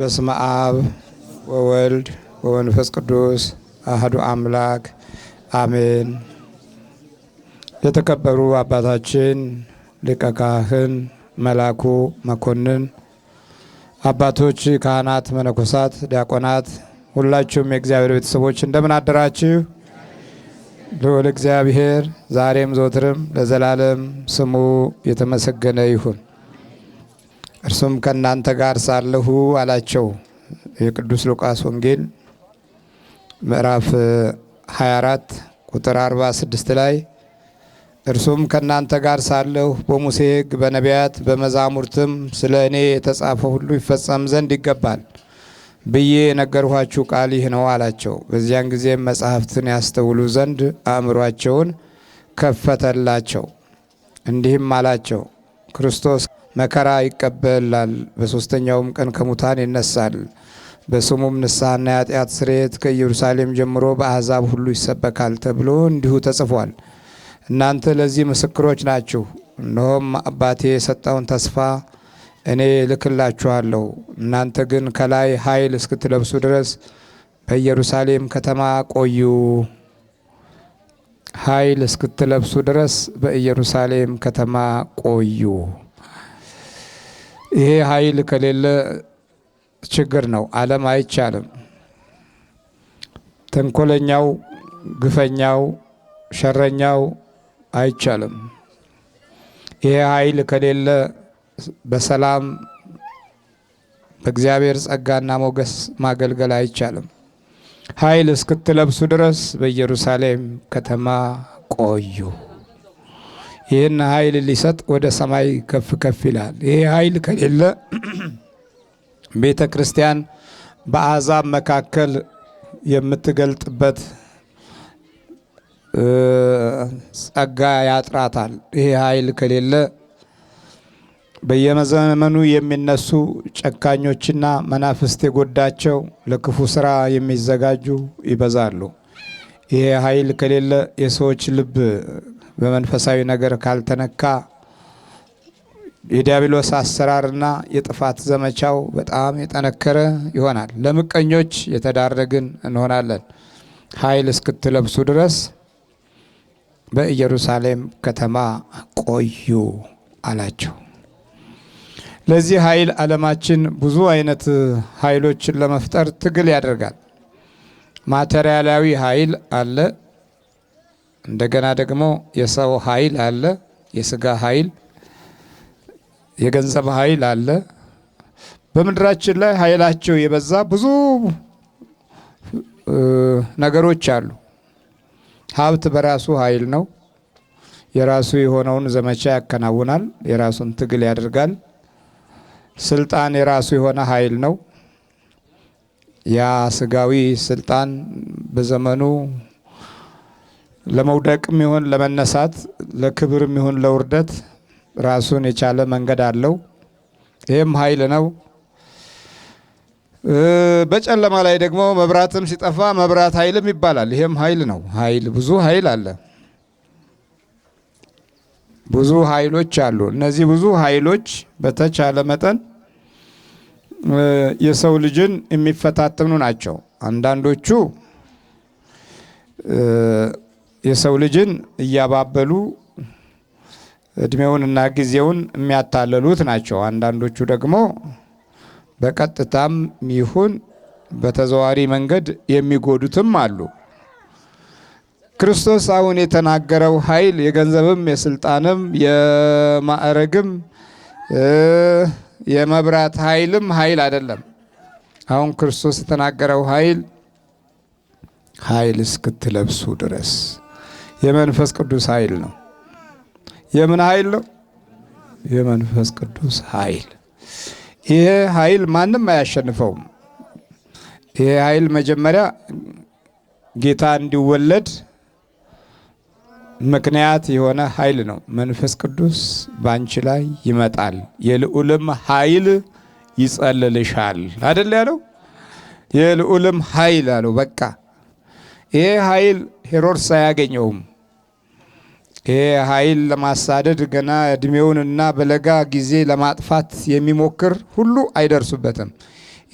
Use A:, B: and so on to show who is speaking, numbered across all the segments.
A: በስመ አብ ወወልድ ወመንፈስ ቅዱስ አህዱ አምላክ አሜን። የተከበሩ አባታችን ሊቀ ካህን መላኩ መኮንን፣ አባቶች፣ ካህናት፣ መነኮሳት፣ ዲያቆናት፣ ሁላችሁም የእግዚአብሔር ቤተሰቦች እንደምን አደራችሁ? ልዑል እግዚአብሔር ዛሬም ዘወትርም ለዘላለም ስሙ የተመሰገነ ይሁን። እርሱም ከእናንተ ጋር ሳለሁ አላቸው። የቅዱስ ሉቃስ ወንጌል ምዕራፍ 24 ቁጥር 46 ላይ እርሱም ከእናንተ ጋር ሳለሁ በሙሴ ሕግ በነቢያት በመዛሙርትም ስለ እኔ የተጻፈ ሁሉ ይፈጸም ዘንድ ይገባል ብዬ የነገርኋችሁ ቃል ይህ ነው አላቸው። በዚያን ጊዜም መጽሐፍትን ያስተውሉ ዘንድ አእምሯቸውን ከፈተላቸው። እንዲህም አላቸው ክርስቶስ መከራ ይቀበላል፣ በሦስተኛውም ቀን ከሙታን ይነሳል። በስሙም ንስሐና የኃጢአት ስርየት ከኢየሩሳሌም ጀምሮ በአሕዛብ ሁሉ ይሰበካል ተብሎ እንዲሁ ተጽፏል። እናንተ ለዚህ ምስክሮች ናችሁ። እነሆም አባቴ የሰጠውን ተስፋ እኔ ልክላችኋለሁ እናንተ ግን ከላይ ኃይል እስክትለብሱ ድረስ በኢየሩሳሌም ከተማ ቆዩ። ኃይል እስክትለብሱ ድረስ በኢየሩሳሌም ከተማ ቆዩ። ይሄ ኃይል ከሌለ ችግር ነው። ዓለም አይቻልም። ተንኮለኛው፣ ግፈኛው፣ ሸረኛው አይቻልም። ይሄ ኃይል ከሌለ በሰላም በእግዚአብሔር ጸጋና ሞገስ ማገልገል አይቻልም። ኃይል እስክትለብሱ ድረስ በኢየሩሳሌም ከተማ ቆዩ። ይህን ኃይል ሊሰጥ ወደ ሰማይ ከፍ ከፍ ይላል። ይህ ኃይል ከሌለ ቤተ ክርስቲያን በአሕዛብ መካከል የምትገልጥበት ጸጋ ያጥራታል። ይሄ ኃይል ከሌለ በየመዘመኑ የሚነሱ ጨካኞችና መናፍስት የጎዳቸው ለክፉ ስራ የሚዘጋጁ ይበዛሉ። ይሄ ኃይል ከሌለ የሰዎች ልብ በመንፈሳዊ ነገር ካልተነካ የዲያብሎስ አሰራርና የጥፋት ዘመቻው በጣም የጠነከረ ይሆናል። ለምቀኞች የተዳረግን እንሆናለን። ኃይል እስክትለብሱ ድረስ በኢየሩሳሌም ከተማ ቆዩ አላቸው። ለዚህ ኃይል ዓለማችን ብዙ አይነት ኃይሎችን ለመፍጠር ትግል ያደርጋል። ማቴሪያላዊ ኃይል አለ። እንደገና ደግሞ የሰው ኃይል አለ፣ የስጋ ኃይል፣ የገንዘብ ኃይል አለ። በምድራችን ላይ ኃይላቸው የበዛ ብዙ ነገሮች አሉ። ሀብት በራሱ ኃይል ነው። የራሱ የሆነውን ዘመቻ ያከናውናል፣ የራሱን ትግል ያደርጋል። ስልጣን የራሱ የሆነ ኃይል ነው። ያ ስጋዊ ስልጣን በዘመኑ ለመውደቅም ይሁን ለመነሳት፣ ለክብርም ይሁን ለውርደት ራሱን የቻለ መንገድ አለው። ይህም ኃይል ነው። በጨለማ ላይ ደግሞ መብራትም ሲጠፋ መብራት ኃይልም ይባላል። ይህም ኃይል ነው። ኃይል ብዙ ኃይል አለ። ብዙ ኃይሎች አሉ። እነዚህ ብዙ ኃይሎች በተቻለ መጠን የሰው ልጅን የሚፈታተኑ ናቸው። አንዳንዶቹ የሰው ልጅን እያባበሉ እድሜውን እና ጊዜውን የሚያታለሉት ናቸው። አንዳንዶቹ ደግሞ በቀጥታም ይሁን በተዘዋሪ መንገድ የሚጎዱትም አሉ። ክርስቶስ አሁን የተናገረው ኃይል የገንዘብም፣ የስልጣንም፣ የማዕረግም የመብራት ኃይልም ኃይል አይደለም። አሁን ክርስቶስ የተናገረው ኃይል ኃይል እስክትለብሱ ድረስ የመንፈስ ቅዱስ ኃይል ነው። የምን ኃይል ነው? የመንፈስ ቅዱስ ኃይል። ይሄ ኃይል ማንም አያሸንፈውም። ይሄ ኃይል መጀመሪያ ጌታ እንዲወለድ ምክንያት የሆነ ኃይል ነው። መንፈስ ቅዱስ ባንቺ ላይ ይመጣል፣ የልዑልም ኃይል ይጸልልሻል አደል ያለው። የልዑልም ኃይል አለው። በቃ ይሄ ኃይል ሄሮድስ አያገኘውም። ይሄ ኃይል ለማሳደድ ገና እድሜውንና በለጋ ጊዜ ለማጥፋት የሚሞክር ሁሉ አይደርሱበትም።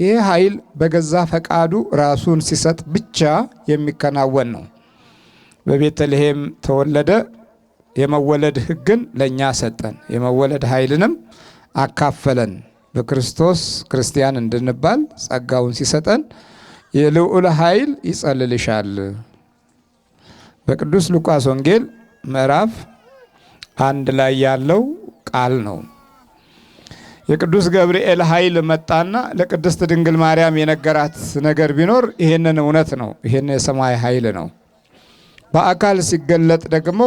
A: ይሄ ኃይል በገዛ ፈቃዱ ራሱን ሲሰጥ ብቻ የሚከናወን ነው። በቤተልሔም ተወለደ። የመወለድ ሕግን ለእኛ ሰጠን፣ የመወለድ ኃይልንም አካፈለን። በክርስቶስ ክርስቲያን እንድንባል ጸጋውን ሲሰጠን የልዑል ኃይል ይጸልልሻል። በቅዱስ ሉቃስ ወንጌል ምዕራፍ አንድ ላይ ያለው ቃል ነው። የቅዱስ ገብርኤል ኃይል መጣና ለቅድስት ድንግል ማርያም የነገራት ነገር ቢኖር ይህንን እውነት ነው። ይህን የሰማይ ኃይል ነው። በአካል ሲገለጥ ደግሞ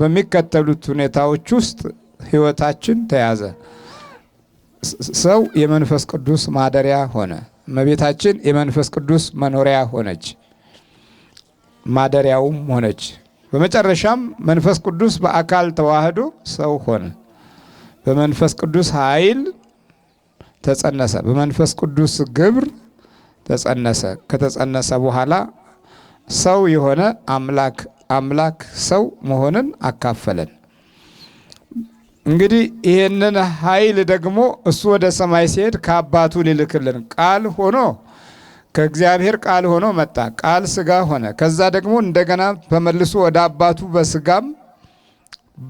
A: በሚከተሉት ሁኔታዎች ውስጥ ሕይወታችን ተያዘ። ሰው የመንፈስ ቅዱስ ማደሪያ ሆነ። እመቤታችን የመንፈስ ቅዱስ መኖሪያ ሆነች፣ ማደሪያውም ሆነች። በመጨረሻም መንፈስ ቅዱስ በአካል ተዋህዶ ሰው ሆነ። በመንፈስ ቅዱስ ኃይል ተጸነሰ። በመንፈስ ቅዱስ ግብር ተጸነሰ። ከተጸነሰ በኋላ ሰው የሆነ አምላክ አምላክ ሰው መሆንን አካፈለን። እንግዲህ ይህንን ኃይል ደግሞ እሱ ወደ ሰማይ ሲሄድ ከአባቱ ሊልክልን ቃል ሆኖ ከእግዚአብሔር ቃል ሆኖ መጣ። ቃል ስጋ ሆነ። ከዛ ደግሞ እንደገና ተመልሶ ወደ አባቱ በስጋም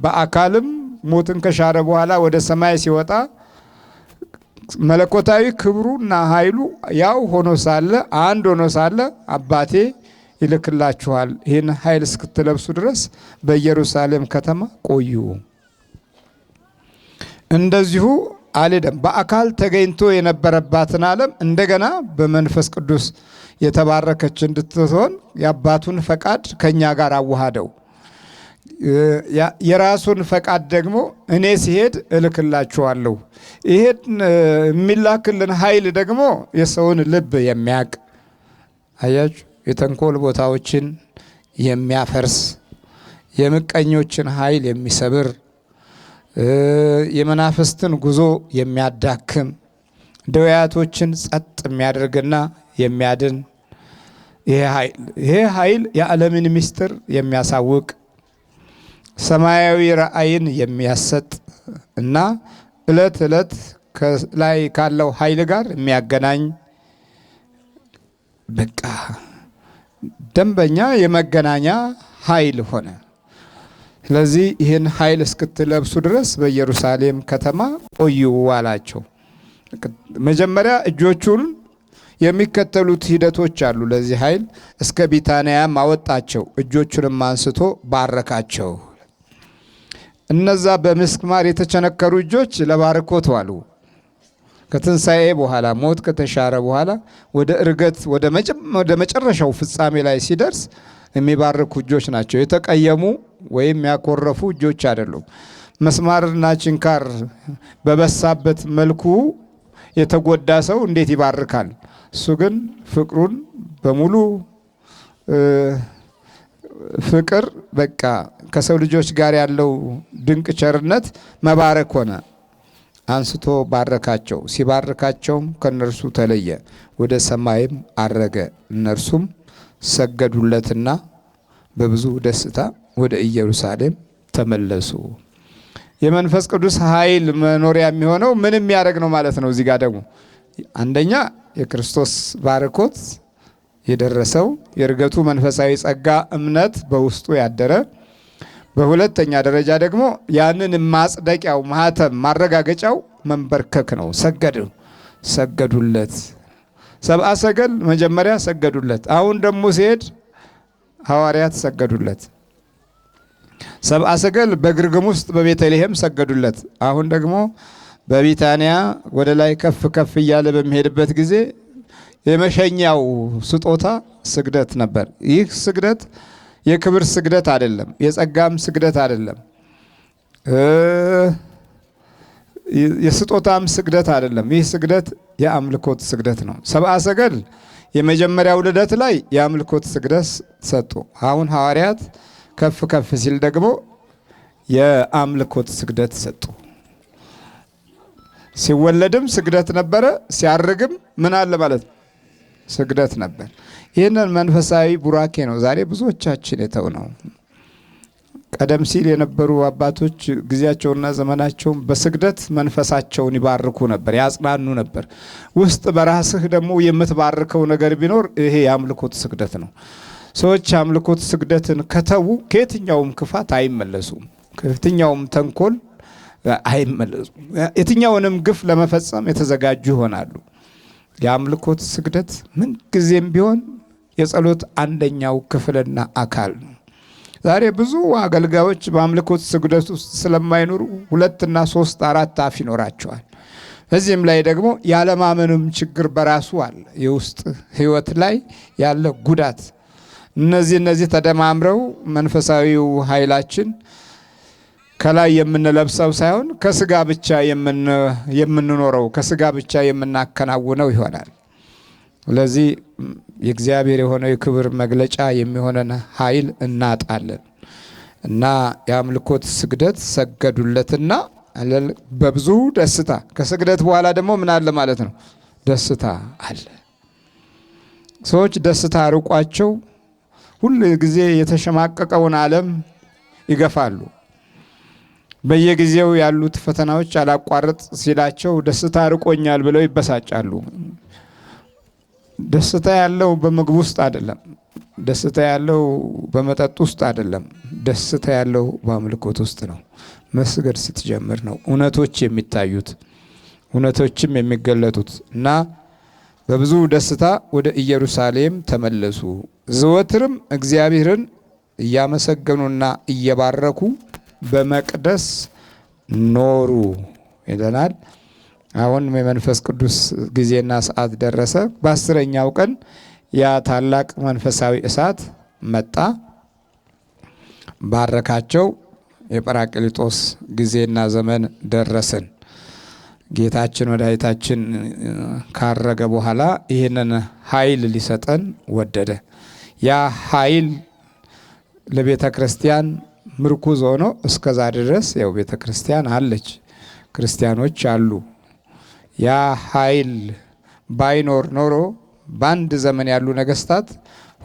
A: በአካልም ሞትን ከሻረ በኋላ ወደ ሰማይ ሲወጣ መለኮታዊ ክብሩና ኃይሉ ያው ሆኖ ሳለ አንድ ሆኖ ሳለ አባቴ ይልክላችኋል፣ ይህን ኃይል እስክትለብሱ ድረስ በኢየሩሳሌም ከተማ ቆዩ። እንደዚሁ አልደም በአካል ተገኝቶ የነበረባትን ዓለም እንደገና በመንፈስ ቅዱስ የተባረከች እንድትሆን የአባቱን ፈቃድ ከእኛ ጋር አዋሃደው። የራሱን ፈቃድ ደግሞ እኔ ሲሄድ እልክላችኋለሁ። ይሄን የሚላክልን ኃይል ደግሞ የሰውን ልብ የሚያቅ አያችሁ፣ የተንኮል ቦታዎችን የሚያፈርስ የምቀኞችን ኃይል የሚሰብር የመናፍስትን ጉዞ የሚያዳክም ደውያቶችን ጸጥ የሚያደርግና የሚያድን ይሄ ኃይል የዓለምን ምስጢር የሚያሳውቅ ሰማያዊ ራእይን የሚያሰጥ እና እለት እለት ከላይ ካለው ኃይል ጋር የሚያገናኝ በቃ ደንበኛ የመገናኛ ኃይል ሆነ። ስለዚህ ይህን ኃይል እስክትለብሱ ድረስ በኢየሩሳሌም ከተማ ቆዩ አላቸው። መጀመሪያ እጆቹን የሚከተሉት ሂደቶች አሉ። ለዚህ ኃይል እስከ ቢታንያም አወጣቸው፣ እጆቹንም አንስቶ ባረካቸው። እነዛ በምስማር የተቸነከሩ እጆች ለባርኮት ዋሉ። ከትንሣኤ በኋላ ሞት ከተሻረ በኋላ ወደ እርገት ወደ መጨረሻው ፍጻሜ ላይ ሲደርስ የሚባርኩ እጆች ናቸው የተቀየሙ ወይም ያኮረፉ እጆች አይደሉም። ምስማርና ችንካር በበሳበት መልኩ የተጎዳ ሰው እንዴት ይባርካል? እሱ ግን ፍቅሩን በሙሉ ፍቅር በቃ ከሰው ልጆች ጋር ያለው ድንቅ ቸርነት መባረክ ሆነ። አንስቶ ባረካቸው። ሲባርካቸውም ከእነርሱ ተለየ፣ ወደ ሰማይም አረገ። እነርሱም ሰገዱለትና በብዙ ደስታ ወደ ኢየሩሳሌም ተመለሱ። የመንፈስ ቅዱስ ኃይል መኖሪያ የሚሆነው ምን የሚያደርግ ነው ማለት ነው? እዚህ ጋር ደግሞ አንደኛ የክርስቶስ ባርኮት የደረሰው የእርገቱ መንፈሳዊ ጸጋ እምነት በውስጡ ያደረ፣ በሁለተኛ ደረጃ ደግሞ ያንን ማጽደቂያው ማህተም ማረጋገጫው መንበርከክ ነው። ሰገድ ሰገዱለት። ሰብአ ሰገል መጀመሪያ ሰገዱለት። አሁን ደግሞ ሲሄድ ሐዋርያት ሰገዱለት። ሰብአ ሰገል በግርግም ውስጥ በቤተልሔም ሰገዱለት። አሁን ደግሞ በቢታንያ ወደ ላይ ከፍ ከፍ እያለ በሚሄድበት ጊዜ የመሸኛው ስጦታ ስግደት ነበር። ይህ ስግደት የክብር ስግደት አይደለም፣ የጸጋም ስግደት አይደለም፣ የስጦታም ስግደት አይደለም። ይህ ስግደት የአምልኮት ስግደት ነው። ሰብአ ሰገል የመጀመሪያው ልደት ላይ የአምልኮት ስግደት ሰጡ። አሁን ሐዋርያት ከፍ ከፍ ሲል ደግሞ የአምልኮት ስግደት ሰጡ። ሲወለድም ስግደት ነበረ፣ ሲያርግም ምን አለ ማለት ነው ስግደት ነበር። ይህንን መንፈሳዊ ቡራኬ ነው ዛሬ ብዙዎቻችን የተው ነው። ቀደም ሲል የነበሩ አባቶች ጊዜያቸውና ዘመናቸውን በስግደት መንፈሳቸውን ይባርኩ ነበር፣ ያጽናኑ ነበር። ውስጥ በራስህ ደግሞ የምትባርከው ነገር ቢኖር ይሄ የአምልኮት ስግደት ነው። ሰዎች አምልኮት ስግደትን ከተዉ ከየትኛውም ክፋት አይመለሱም፣ ከየትኛውም ተንኮል አይመለሱም። የትኛውንም ግፍ ለመፈጸም የተዘጋጁ ይሆናሉ። የአምልኮት ስግደት ምንጊዜም ቢሆን የጸሎት አንደኛው ክፍልና አካል ነው። ዛሬ ብዙ አገልጋዮች በአምልኮት ስግደት ውስጥ ስለማይኖሩ ሁለትና ሶስት አራት አፍ ይኖራቸዋል። በዚህም ላይ ደግሞ ያለማመኑም ችግር በራሱ አለ። የውስጥ ህይወት ላይ ያለ ጉዳት እነዚህ እነዚህ ተደማምረው መንፈሳዊው ኃይላችን ከላይ የምንለብሰው ሳይሆን ከስጋ ብቻ የምንኖረው ከስጋ ብቻ የምናከናውነው ይሆናል። ስለዚህ የእግዚአብሔር የሆነ የክብር መግለጫ የሚሆነን ኃይል እናጣለን እና የአምልኮት ስግደት ሰገዱለትና በብዙ ደስታ ከስግደት በኋላ ደግሞ ምን አለ ማለት ነው? ደስታ አለ። ሰዎች ደስታ ርቋቸው ሁል ጊዜ የተሸማቀቀውን ዓለም ይገፋሉ። በየጊዜው ያሉት ፈተናዎች አላቋረጥ ሲላቸው ደስታ ርቆኛል ብለው ይበሳጫሉ። ደስታ ያለው በምግብ ውስጥ አይደለም። ደስታ ያለው በመጠጥ ውስጥ አይደለም። ደስታ ያለው በአምልኮት ውስጥ ነው። መስገድ ስትጀምር ነው እውነቶች የሚታዩት እውነቶችም የሚገለጡት እና በብዙ ደስታ ወደ ኢየሩሳሌም ተመለሱ። ዘወትርም እግዚአብሔርን እያመሰገኑና እየባረኩ በመቅደስ ኖሩ ይለናል። አሁን የመንፈስ ቅዱስ ጊዜና ሰዓት ደረሰ። በአስረኛው ቀን ያ ታላቅ መንፈሳዊ እሳት መጣ፣ ባረካቸው። የጰራቅሊጦስ ጊዜና ዘመን ደረስን። ጌታችን ወዳይታችን ካረገ በኋላ ይህንን ኃይል ሊሰጠን ወደደ። ያ ኃይል ለቤተ ክርስቲያን ምርኩዝ ሆኖ እስከዛ ድረስ ያው ቤተ ክርስቲያን አለች፣ ክርስቲያኖች አሉ። ያ ኃይል ባይኖር ኖሮ በአንድ ዘመን ያሉ ነገስታት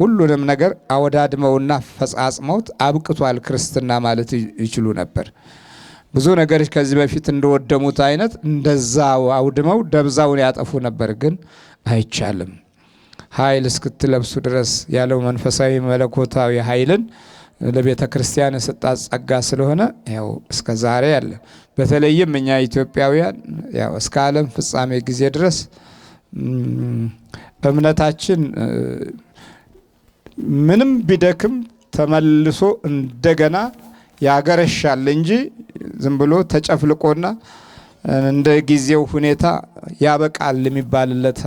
A: ሁሉንም ነገር አወዳድመውና ፈጻጽመውት አብቅቷል ክርስትና ማለት ይችሉ ነበር። ብዙ ነገሮች ከዚህ በፊት እንደወደሙት አይነት እንደዛው አውድመው ደብዛውን ያጠፉ ነበር፣ ግን አይቻልም። ኃይል እስክትለብሱ ድረስ ያለው መንፈሳዊ መለኮታዊ ኃይልን ለቤተ ክርስቲያን የሰጣት ጸጋ ስለሆነ ያው እስከ ዛሬ ያለ በተለይም እኛ ኢትዮጵያውያን ያው እስከ ዓለም ፍጻሜ ጊዜ ድረስ እምነታችን ምንም ቢደክም ተመልሶ እንደገና ያገረሻል እንጂ ዝም ብሎ ተጨፍልቆና እንደ ጊዜው ሁኔታ ያበቃል የሚባልለት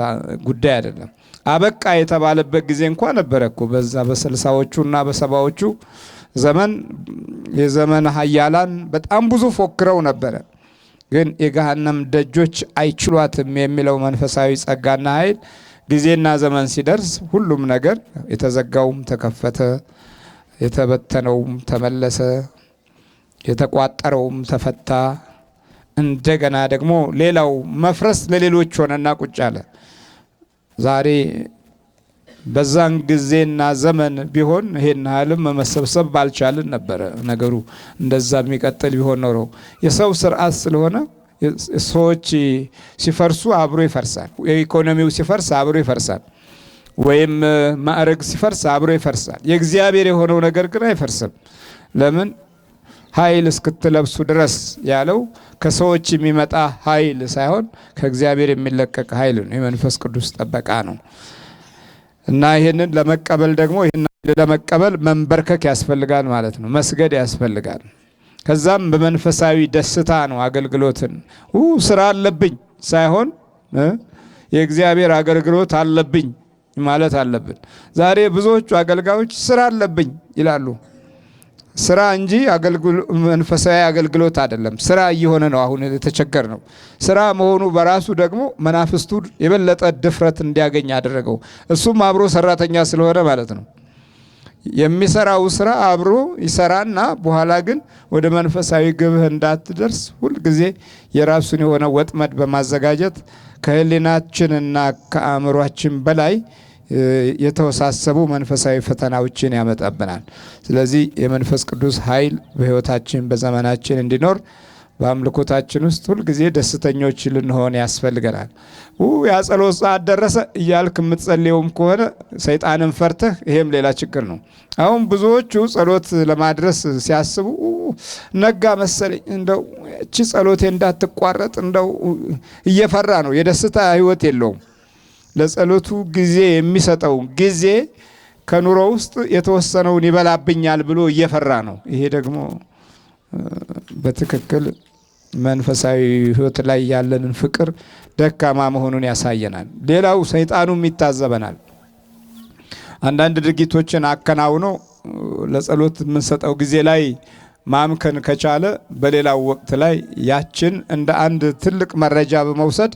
A: ጉዳይ አይደለም። አበቃ የተባለበት ጊዜ እንኳ ነበረ እኮ በዛ በስልሳዎቹ እና በሰባዎቹ ዘመን የዘመን ሀያላን በጣም ብዙ ፎክረው ነበረ። ግን የገሃነም ደጆች አይችሏትም የሚለው መንፈሳዊ ጸጋና ኃይል ጊዜና ዘመን ሲደርስ ሁሉም ነገር የተዘጋውም ተከፈተ፣ የተበተነውም ተመለሰ። የተቋጠረውም ተፈታ። እንደገና ደግሞ ሌላው መፍረስ ለሌሎች ሆነና ቁጭ አለ። ዛሬ በዛን ጊዜና ዘመን ቢሆን ይሄን ያህልም መሰብሰብ ባልቻልን ነበረ ነገሩ። እንደዛ የሚቀጥል ቢሆን ኖሮ የሰው ስርዓት ስለሆነ ሰዎች ሲፈርሱ አብሮ ይፈርሳል። የኢኮኖሚው ሲፈርስ አብሮ ይፈርሳል። ወይም ማዕረግ ሲፈርስ አብሮ ይፈርሳል። የእግዚአብሔር የሆነው ነገር ግን አይፈርስም። ለምን? ኃይል እስክትለብሱ ድረስ ያለው ከሰዎች የሚመጣ ኃይል ሳይሆን ከእግዚአብሔር የሚለቀቅ ኃይል ነው። የመንፈስ ቅዱስ ጠበቃ ነው እና ይህንን ለመቀበል ደግሞ ይህን ለመቀበል መንበርከክ ያስፈልጋል ማለት ነው። መስገድ ያስፈልጋል። ከዛም በመንፈሳዊ ደስታ ነው አገልግሎትን ስራ አለብኝ ሳይሆን የእግዚአብሔር አገልግሎት አለብኝ ማለት አለብን። ዛሬ ብዙዎቹ አገልጋዮች ስራ አለብኝ ይላሉ። ስራ እንጂ መንፈሳዊ አገልግሎት አይደለም። ስራ እየሆነ ነው አሁን የተቸገር ነው። ስራ መሆኑ በራሱ ደግሞ መናፍስቱ የበለጠ ድፍረት እንዲያገኝ አደረገው። እሱም አብሮ ሰራተኛ ስለሆነ ማለት ነው። የሚሰራው ስራ አብሮ ይሰራና በኋላ ግን ወደ መንፈሳዊ ግብህ እንዳትደርስ ሁልጊዜ የራሱን የሆነ ወጥመድ በማዘጋጀት ከህሊናችንና ከአእምሯችን በላይ የተወሳሰቡ መንፈሳዊ ፈተናዎችን ያመጣብናል። ስለዚህ የመንፈስ ቅዱስ ኃይል በሕይወታችን በዘመናችን እንዲኖር በአምልኮታችን ውስጥ ሁልጊዜ ደስተኞች ልንሆን ያስፈልገናል። ያጸሎት ሰዓት ደረሰ እያልክ የምትጸልየውም ከሆነ ሰይጣንን ፈርተህ፣ ይሄም ሌላ ችግር ነው። አሁን ብዙዎቹ ጸሎት ለማድረስ ሲያስቡ ነጋ መሰለኝ እንደው እቺ ጸሎቴ እንዳትቋረጥ እንደው እየፈራ ነው። የደስታ ህይወት የለውም። ለጸሎቱ ጊዜ የሚሰጠው ጊዜ ከኑሮ ውስጥ የተወሰነውን ይበላብኛል ብሎ እየፈራ ነው። ይሄ ደግሞ በትክክል መንፈሳዊ ሕይወት ላይ ያለንን ፍቅር ደካማ መሆኑን ያሳየናል። ሌላው ሰይጣኑም ይታዘበናል። አንዳንድ ድርጊቶችን አከናውኖ ለጸሎት የምንሰጠው ጊዜ ላይ ማምከን ከቻለ በሌላው ወቅት ላይ ያችን እንደ አንድ ትልቅ መረጃ በመውሰድ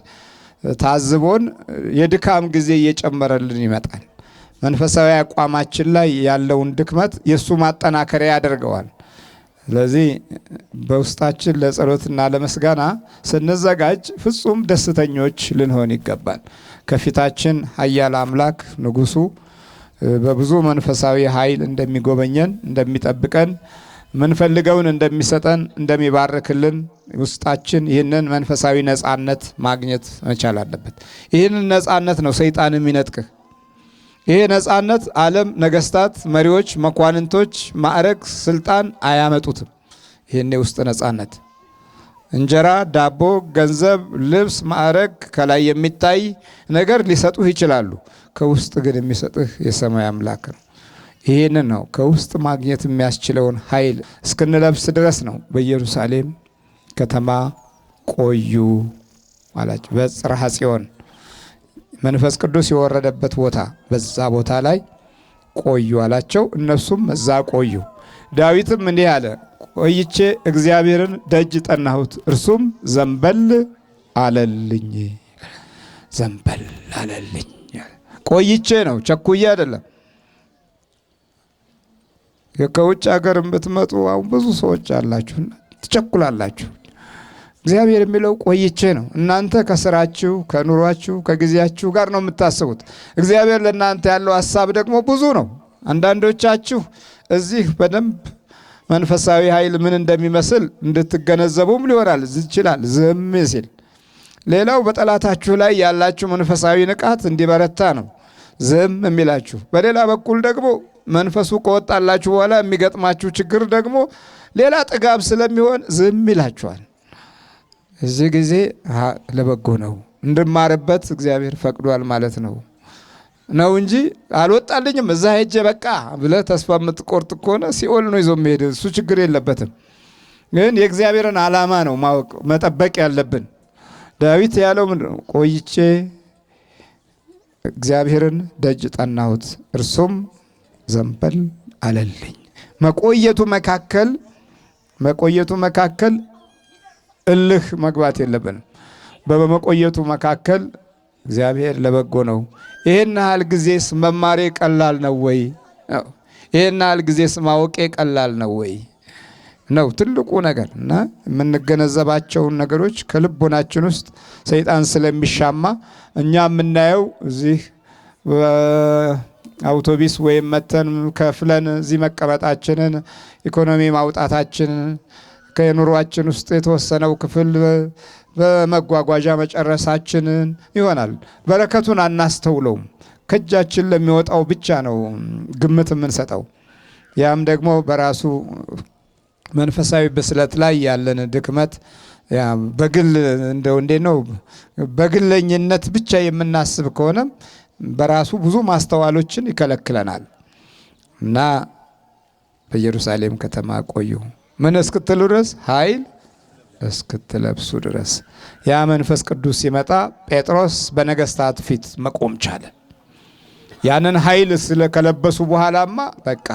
A: ታዝቦን የድካም ጊዜ እየጨመረልን ይመጣል። መንፈሳዊ አቋማችን ላይ ያለውን ድክመት የእሱ ማጠናከሪያ ያደርገዋል። ስለዚህ በውስጣችን ለጸሎትና ለመስጋና ስንዘጋጅ ፍጹም ደስተኞች ልንሆን ይገባል። ከፊታችን ኃያል አምላክ ንጉሱ በብዙ መንፈሳዊ ኃይል እንደሚጎበኘን እንደሚጠብቀን ምንፈልገውን እንደሚሰጠን እንደሚባርክልን ውስጣችን ይህንን መንፈሳዊ ነፃነት ማግኘት መቻል አለበት። ይህንን ነፃነት ነው ሰይጣን የሚነጥቅህ። ይሄ ነፃነት ዓለም፣ ነገስታት፣ መሪዎች፣ መኳንንቶች፣ ማዕረግ፣ ስልጣን አያመጡትም። ይህን የውስጥ ነፃነት እንጀራ፣ ዳቦ፣ ገንዘብ፣ ልብስ፣ ማዕረግ፣ ከላይ የሚታይ ነገር ሊሰጡህ ይችላሉ። ከውስጥ ግን የሚሰጥህ የሰማይ አምላክ ነው። ይህንን ነው ከውስጥ ማግኘት የሚያስችለውን ኃይል እስክንለብስ ድረስ ነው። በኢየሩሳሌም ከተማ ቆዩ አላቸው። በጽርሐ ጽዮን መንፈስ ቅዱስ የወረደበት ቦታ፣ በዛ ቦታ ላይ ቆዩ አላቸው። እነሱም እዛ ቆዩ። ዳዊትም እንዲህ አለ፣ ቆይቼ እግዚአብሔርን ደጅ ጠናሁት፣ እርሱም ዘንበል አለልኝ። ዘንበል አለልኝ። ቆይቼ ነው ቸኩዬ አይደለም። ከውጭ ሀገር ብትመጡ አሁን ብዙ ሰዎች አላችሁ፣ ትቸኩላላችሁ። እግዚአብሔር የሚለው ቆይቼ ነው። እናንተ ከስራችሁ፣ ከኑሯችሁ፣ ከጊዜያችሁ ጋር ነው የምታስቡት። እግዚአብሔር ለእናንተ ያለው ሀሳብ ደግሞ ብዙ ነው። አንዳንዶቻችሁ እዚህ በደንብ መንፈሳዊ ኃይል ምን እንደሚመስል እንድትገነዘቡም ሊሆናል ይችላል ዝም ሲል። ሌላው በጠላታችሁ ላይ ያላችሁ መንፈሳዊ ንቃት እንዲበረታ ነው ዝም የሚላችሁ። በሌላ በኩል ደግሞ መንፈሱ ከወጣላችሁ በኋላ የሚገጥማችሁ ችግር ደግሞ ሌላ ጥጋብ ስለሚሆን ዝም ይላችኋል። እዚህ ጊዜ ለበጎ ነው እንድማርበት እግዚአብሔር ፈቅዷል ማለት ነው ነው እንጂ አልወጣልኝም እዛ ሄጄ በቃ ብለህ ተስፋ የምትቆርጥ ከሆነ ሲኦል ነው ይዞ መሄድ። እሱ ችግር የለበትም። ግን የእግዚአብሔርን ዓላማ ነው ማወቅ መጠበቅ ያለብን። ዳዊት ያለው ምንድን ቆይቼ እግዚአብሔርን ደጅ ጠናሁት እርሱም ዘንበል አለልኝ። መቆየቱ መካከል መቆየቱ መካከል እልህ መግባት የለብንም። በመቆየቱ መካከል እግዚአብሔር ለበጎ ነው። ይህን ያህል ጊዜስ መማሬ ቀላል ነው ወይ? ይህን ያህል ጊዜስ ማወቄ ቀላል ነው ወይ? ነው ትልቁ ነገር እና የምንገነዘባቸውን ነገሮች ከልቦናችን ውስጥ ሰይጣን ስለሚሻማ እኛ የምናየው እዚህ አውቶቢስ ወይም መተን ከፍለን እዚህ መቀመጣችንን ኢኮኖሚ ማውጣታችን ከኑሯችን ውስጥ የተወሰነው ክፍል በመጓጓዣ መጨረሳችንን ይሆናል። በረከቱን አናስተውለውም። ከእጃችን ለሚወጣው ብቻ ነው ግምት የምንሰጠው። ያም ደግሞ በራሱ መንፈሳዊ ብስለት ላይ ያለን ድክመት በግል እንደው እንዴት ነው በግለኝነት ብቻ የምናስብ ከሆነም በራሱ ብዙ ማስተዋሎችን ይከለክለናል እና በኢየሩሳሌም ከተማ ቆዩ። ምን እስክትሉ ድረስ ኃይል እስክትለብሱ ድረስ ያ መንፈስ ቅዱስ ሲመጣ ጴጥሮስ በነገስታት ፊት መቆም ቻለ። ያንን ኃይል ስለከለበሱ በኋላማ በቃ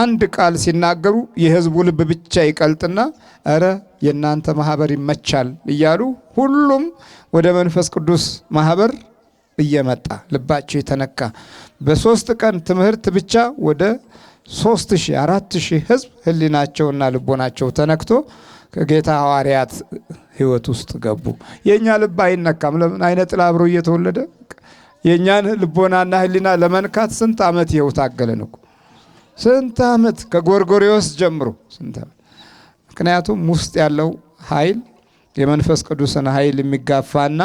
A: አንድ ቃል ሲናገሩ የህዝቡ ልብ ብቻ ይቀልጥና እረ የእናንተ ማህበር ይመቻል እያሉ ሁሉም ወደ መንፈስ ቅዱስ ማህበር እየመጣ ልባቸው የተነካ በሶስት ቀን ትምህርት ብቻ ወደ ሶስት ሺህ አራት ሺህ ህዝብ ህሊናቸውና ልቦናቸው ተነክቶ ከጌታ ሐዋርያት ህይወት ውስጥ ገቡ። የእኛ ልብ አይነካም። ለምን አይነ ጥላ አብሮ እየተወለደ የእኛን ልቦናና ህሊና ለመንካት ስንት ዓመት ይኸው ታገለን እኮ ስንት ዓመት ከጎርጎሪዎስ ጀምሮ ስንት ዓመት። ምክንያቱም ውስጥ ያለው ኃይል የመንፈስ ቅዱስን ኃይል የሚጋፋና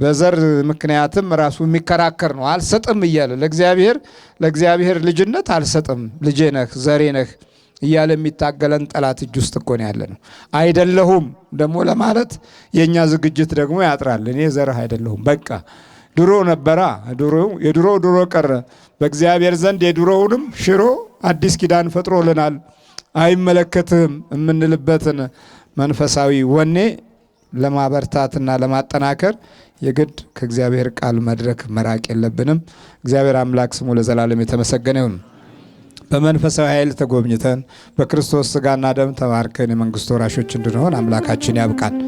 A: በዘር ምክንያትም ራሱ የሚከራከር ነው። አልሰጥም እያለ ለእግዚአብሔር ለእግዚአብሔር ልጅነት አልሰጥም፣ ልጄ ነህ፣ ዘሬ ነህ እያለ የሚታገለን ጠላት እጅ ውስጥ እኮን ያለ ነው። አይደለሁም ደግሞ ለማለት የእኛ ዝግጅት ደግሞ ያጥራል። እኔ ዘርህ አይደለሁም በቃ ድሮ ነበራ የድሮ ድሮ ቀረ። በእግዚአብሔር ዘንድ የድሮውንም ሽሮ አዲስ ኪዳን ፈጥሮልናል። አይመለከትህም የምንልበትን መንፈሳዊ ወኔ ለማበርታትና ለማጠናከር የግድ ከእግዚአብሔር ቃል መድረክ መራቅ የለብንም። እግዚአብሔር አምላክ ስሙ ለዘላለም የተመሰገነ ይሁን። በመንፈሳዊ ኃይል ተጎብኝተን በክርስቶስ ስጋና ደም ተማርከን የመንግስት ወራሾች እንድንሆን አምላካችን ያብቃል።